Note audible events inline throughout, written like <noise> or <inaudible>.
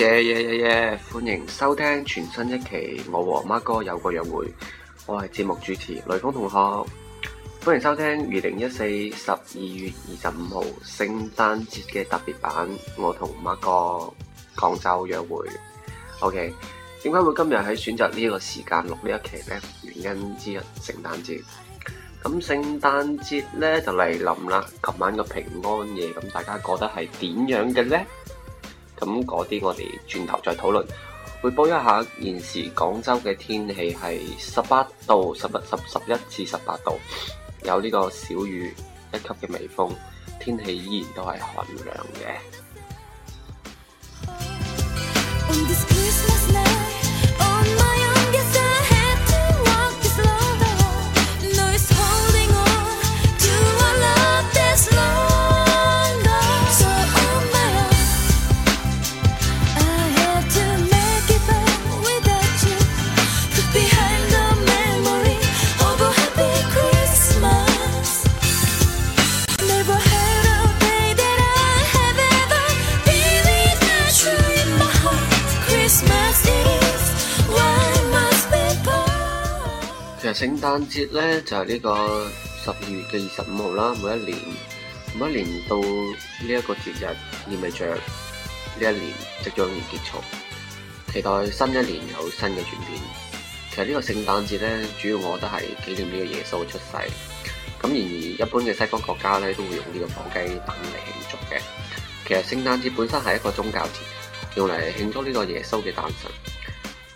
耶耶耶耶！Yeah, yeah, yeah. 歡迎收聽全新一期《我和孖哥有個約會》，我係節目主持雷鋒同學。歡迎收聽二零一四十二月二十五號聖誕節嘅特別版《我同孖哥廣州約會》。OK，點解我今日喺選擇呢個時間錄呢一期呢？原因之一，聖誕節。咁聖誕節呢，就嚟臨啦，琴晚嘅平安夜，咁大家覺得係點樣嘅呢？咁嗰啲我哋轉頭再討論。彙報一下現時廣州嘅天氣係十八度，十一十一至十八度，有呢個小雨，一級嘅微風，天氣依然都係寒涼嘅。 <music> 聖誕節咧就係呢個十二月嘅二十五號啦，每一年每一年到呢一個節日，意味著呢一年即將要結束，期待新一年有新嘅轉變。其實呢個聖誕節咧，主要我覺得係紀念呢個耶穌嘅出世。咁然而，一般嘅西方國家咧都會用呢個火雞蛋嚟慶祝嘅。其實聖誕節本身係一個宗教節，用嚟慶祝呢個耶穌嘅誕生。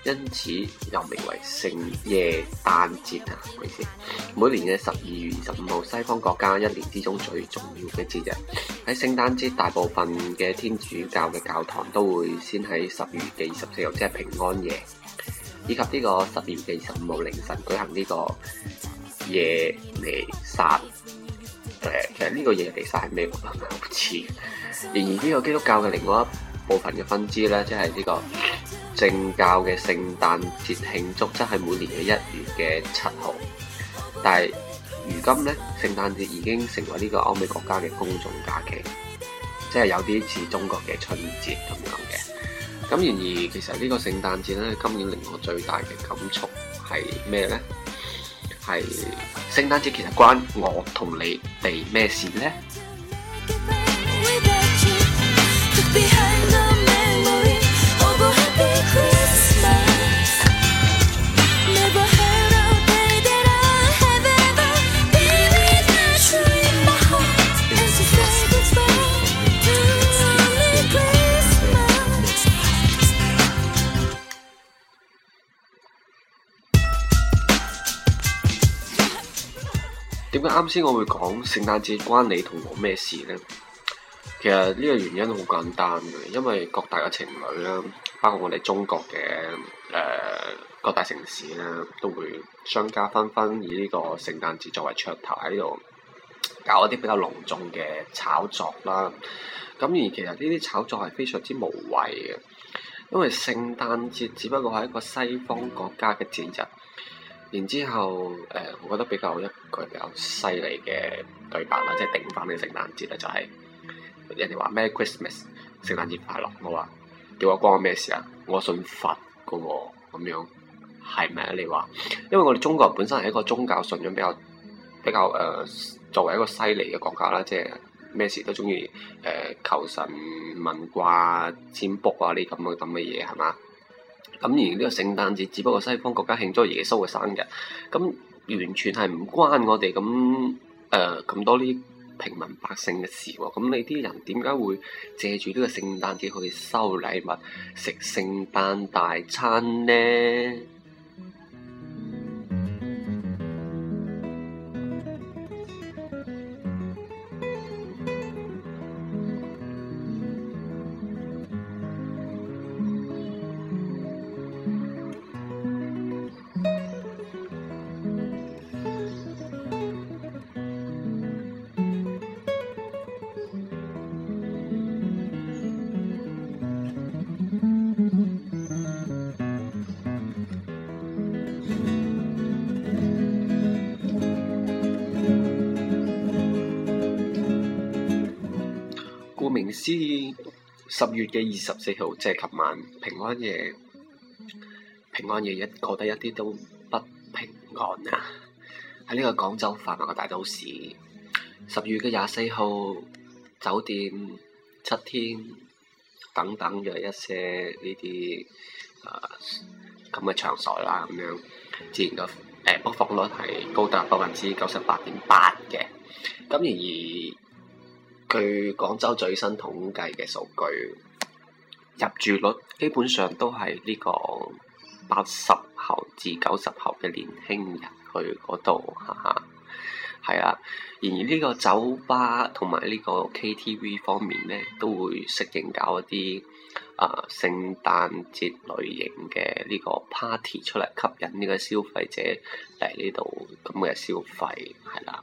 因此又名為聖夜誕節啊！每年嘅十二月二十五號，西方國家一年之中最重要嘅節日。喺聖誕節，大部分嘅天主教嘅教堂都會先喺十二月嘅二十四號，即係平安夜，以及呢個十二月嘅二十五號凌晨舉行呢個夜彌撒。誒、呃，其實呢個夜彌撒係咩好似？然而呢個基督教嘅另外一部分嘅分支呢，即係呢個。正教嘅聖誕節慶祝即係每年嘅一月嘅七號，但係如今咧，聖誕節已經成為呢個歐美國家嘅公眾假期，即係有啲似中國嘅春節咁樣嘅。咁然而，其實呢個聖誕節咧，今年令我最大嘅感觸係咩咧？係聖誕節其實關我同你哋咩事咧？點解啱先我會講聖誕節關你同我咩事呢？其實呢個原因好簡單嘅，因為各大嘅情侶啦，包括我哋中國嘅誒、呃、各大城市啦，都會商家紛紛以呢個聖誕節作為噱頭喺度搞一啲比較隆重嘅炒作啦。咁、啊、而其實呢啲炒作係非常之無謂嘅，因為聖誕節只不過係一個西方國家嘅節日。然之後，誒、呃，我覺得比較一個比較犀利嘅對白啦，即係定翻你聖誕節啦，就係人哋話咩 Christmas 聖誕節快樂，我話叫我關我咩事啊？我信佛個喎、哦，咁樣係咪啊？你話，因為我哋中國本身係一個宗教信仰比較比較誒、呃，作為一個犀利嘅國家啦，即係咩事都中意誒求神問卦、占卜啊呢咁樣咁嘅嘢係嘛？咁而呢個聖誕節，只不過西方國家慶祝耶穌嘅生日，咁、嗯、完全係唔關我哋咁誒咁多啲平民百姓嘅事喎、哦。咁、嗯、你啲人點解會借住呢個聖誕節去收禮物、食聖誕大餐咧？十月嘅二十四號，即係琴晚平安夜，平安夜一過得一啲都不平安啊！喺呢個廣州繁忙嘅大都市，十月嘅廿四號酒店、七天等等嘅一些呢啲啊咁嘅場所啦，咁樣，自然嘅誒爆房率係高達百分之九十八點八嘅，咁然而。據廣州最新統計嘅數據，入住率基本上都係呢個八十後至九十後嘅年輕人去嗰度，哈哈，係、啊、然而呢個酒吧同埋呢個 KTV 方面呢，都會適應搞一啲啊、呃、聖誕節類型嘅呢個 party 出嚟，吸引呢個消費者嚟呢度咁嘅消費，係啦、啊。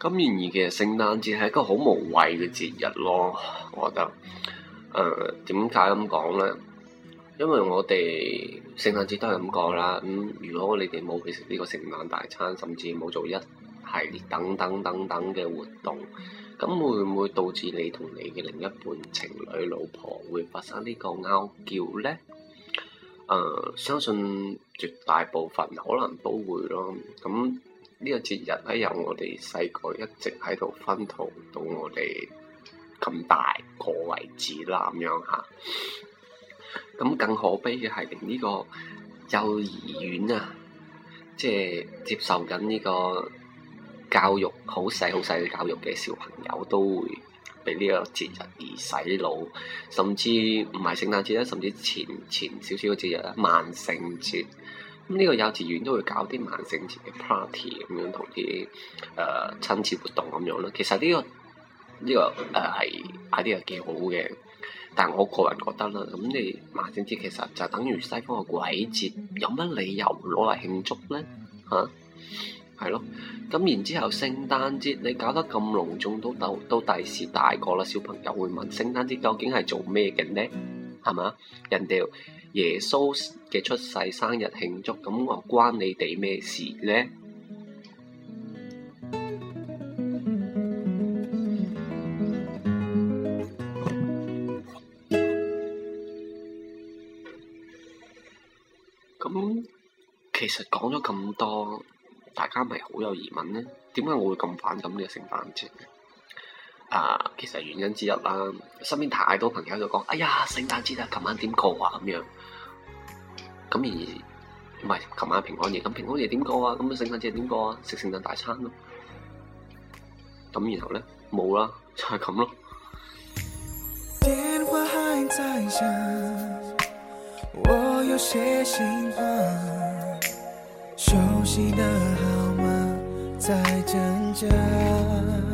咁，然而其實聖誕節係一個好無謂嘅節日咯，我覺得。誒、呃，點解咁講咧？因為我哋聖誕節都係咁講啦。咁、嗯、如果你哋冇去食呢個聖誕大餐，甚至冇做一系列等等等等嘅活動，咁會唔會導致你同你嘅另一半情侶老婆，會發生個呢個拗撬咧？誒、呃，相信。絕大部分可能都會咯，咁呢個節日咧，由我哋細個一直喺度薰陶到我哋咁大個為止啦，咁樣嚇。咁更可悲嘅係，呢個幼兒園啊，即係接受緊呢個教育好細好細嘅教育嘅小朋友，都會俾呢個節日而洗腦，甚至唔係聖誕節啦，甚至前前少少嘅節日啦，萬聖節。咁呢個幼稚園都會搞啲萬聖節嘅 party 咁樣同啲誒親子活動咁樣咯，其實呢、這個呢、這個誒係啲又幾好嘅，但我個人覺得啦，咁你萬聖節其實就等於西方嘅鬼節，有乜理由攞嚟慶祝咧？嚇、啊，係咯，咁然之後聖誕節你搞得咁隆重，都到到第時大個啦，小朋友會問聖誕節究竟係做咩嘅咧？係嘛，人哋。耶穌嘅出世、生日慶祝，咁我關你哋咩事呢？咁其實講咗咁多，大家咪好有疑問呢？點解我會咁反感呢個聖誕節？啊，其實原因之一啦，身邊太多朋友就講，哎呀，聖誕節啊，琴晚點過啊，咁樣，咁而，唔係，琴晚平安夜，咁平安夜點過啊，咁聖誕節點過啊，食聖誕大餐咯，咁然後咧冇啦，就係咁咯。電話還在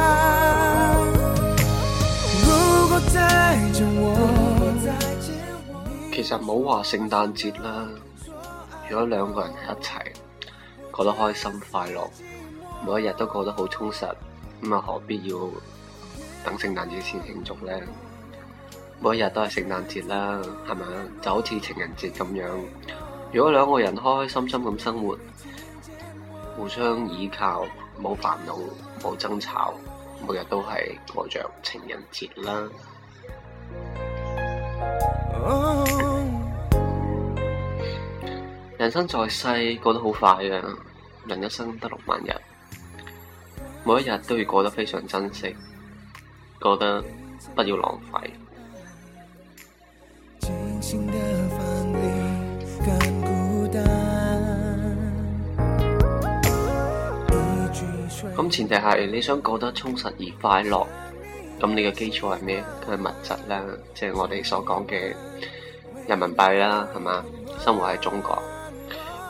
就唔好話聖誕節啦。如果兩個人一齊，過得開心快樂，每一日都過得好充實，咁啊何必要等聖誕節先慶祝咧？每一日都係聖誕節啦，係咪啊？就好似情人節咁樣。如果兩個人開開心心咁生活，互相依靠，冇煩惱，冇爭吵，每日都係過着情人節啦。 <music> 人生在世過得好快呀，人一生得六萬日，每一日都要過得非常珍惜，過得不要浪費。咁 <music> 前提係你想過得充實而快樂，咁你嘅基礎係咩？係物質啦，即係我哋所講嘅人民幣啦，係嘛？生活喺中國。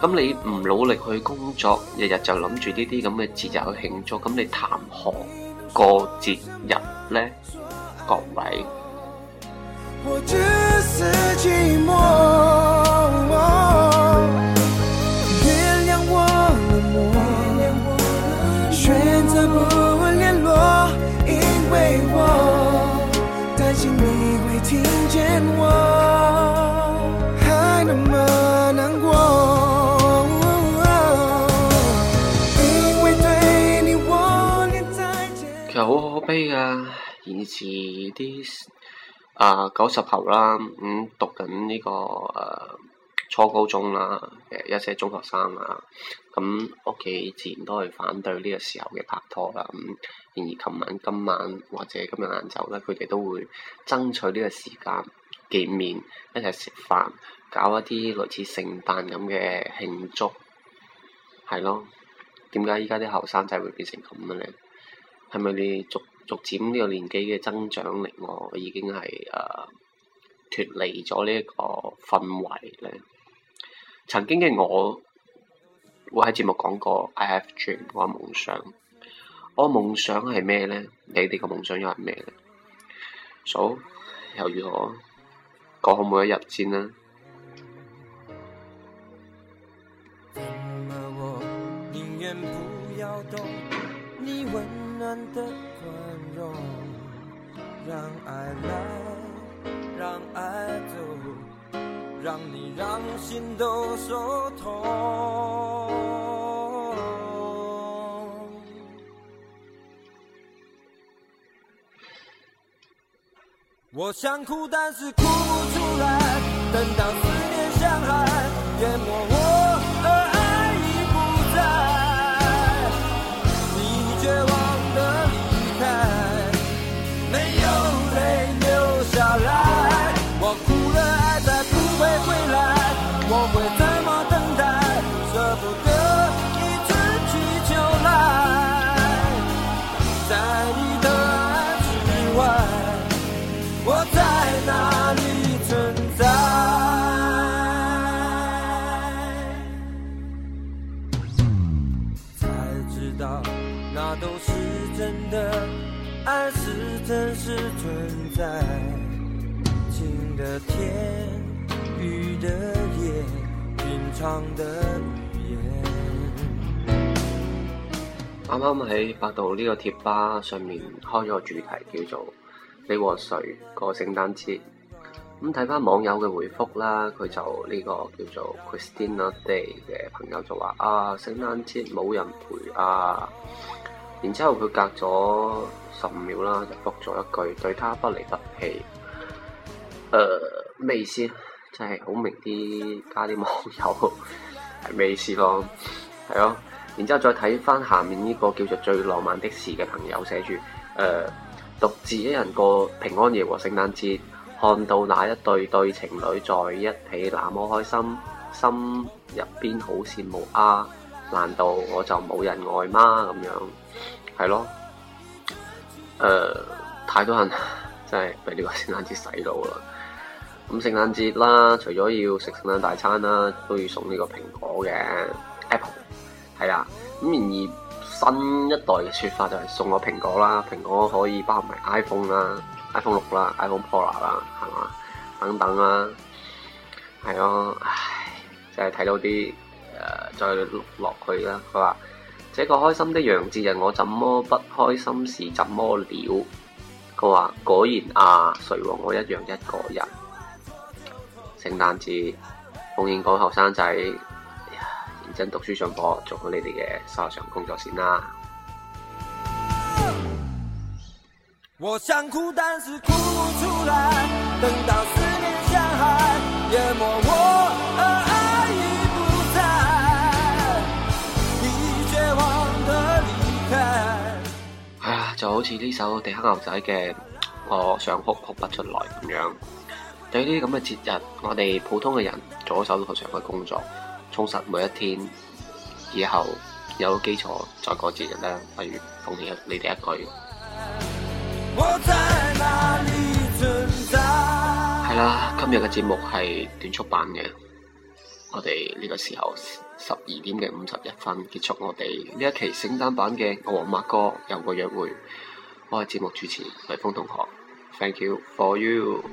咁你唔努力去工作，日日就諗住呢啲咁嘅節日去慶祝，咁你談何過節日呢？各位。我只是寂寞似啲啊九十後啦，咁、嗯、讀緊呢、這個誒、呃、初高中啦嘅一些中學生啊，咁屋企自然都係反對呢個時候嘅拍拖啦。咁、嗯、而琴晚、今晚或者今日晏晝咧，佢哋都會爭取呢個時間見面，一齊食飯，搞一啲類似聖誕咁嘅慶祝，係咯？點解依家啲後生仔會變成咁嘅咧？係咪你逐漸呢個年紀嘅增長力，我已經係誒脱離咗呢一個氛圍咧。曾經嘅我，我喺節目講過，I have dream，我嘅夢想，我嘅夢想係咩咧？你哋嘅夢想又係咩咧？so、so，又如何？過好每一日先啦。讓愛來，讓愛走，讓你讓心都受痛。我想哭，但是哭不出來，等到思念像海淹沒我。啱啱喺百度呢個貼吧上面開咗個主題，叫做你和誰過聖誕節。咁睇翻網友嘅回覆啦，佢就呢個叫做 Christina Day 嘅朋友就話啊，聖誕節冇人陪啊，然之後佢隔咗。十五秒啦，就復咗一句對他不離不棄。誒、呃、咩意思？即係好明啲，加啲網友係咩 <laughs> 意思咯？係咯、啊。然之後再睇翻下面呢個叫做最浪漫的事嘅朋友寫住誒獨自一人過平安夜和聖誕節，看到那一對對情侶在一起那麼開心，心入邊好羨慕啊！難道我就冇人愛嗎？咁樣係咯。誒、呃、太多人真係俾呢個聖誕節洗腦啦！咁聖誕節啦，除咗要食聖誕大餐啦、啊，都要送呢個蘋果嘅 Apple，係啊！咁然而新一代嘅説法就係送個蘋果啦，蘋果可以包含埋 iPhone 啦、iPhone 六啦、iPhone Pro 啦，係嘛？等等、啊、啦，係咯，唉，真係睇到啲誒、呃、再落去啦，佢話。這個開心的洋節日，我怎麼不開心事？是怎麼了？佢話果然啊，誰和我一樣一個人。聖誕節，奉勸港後生仔，認真讀書上課，做好你哋嘅日常工作先啦。就好似呢首《地黑牛仔》嘅我想哭哭不出來咁樣，對於呢啲咁嘅節日，我哋普通嘅人做咗手頭上嘅工作，充實每一天，以後有基礎再過節日咧。不如奉獻一你哋一句，係啦，今日嘅節目係短促版嘅。我哋呢個時候十二點嘅五十一分結束，我哋呢一期聖誕版嘅《我和馬哥有個約會》，我係節目主持雷鋒同學，Thank you for you。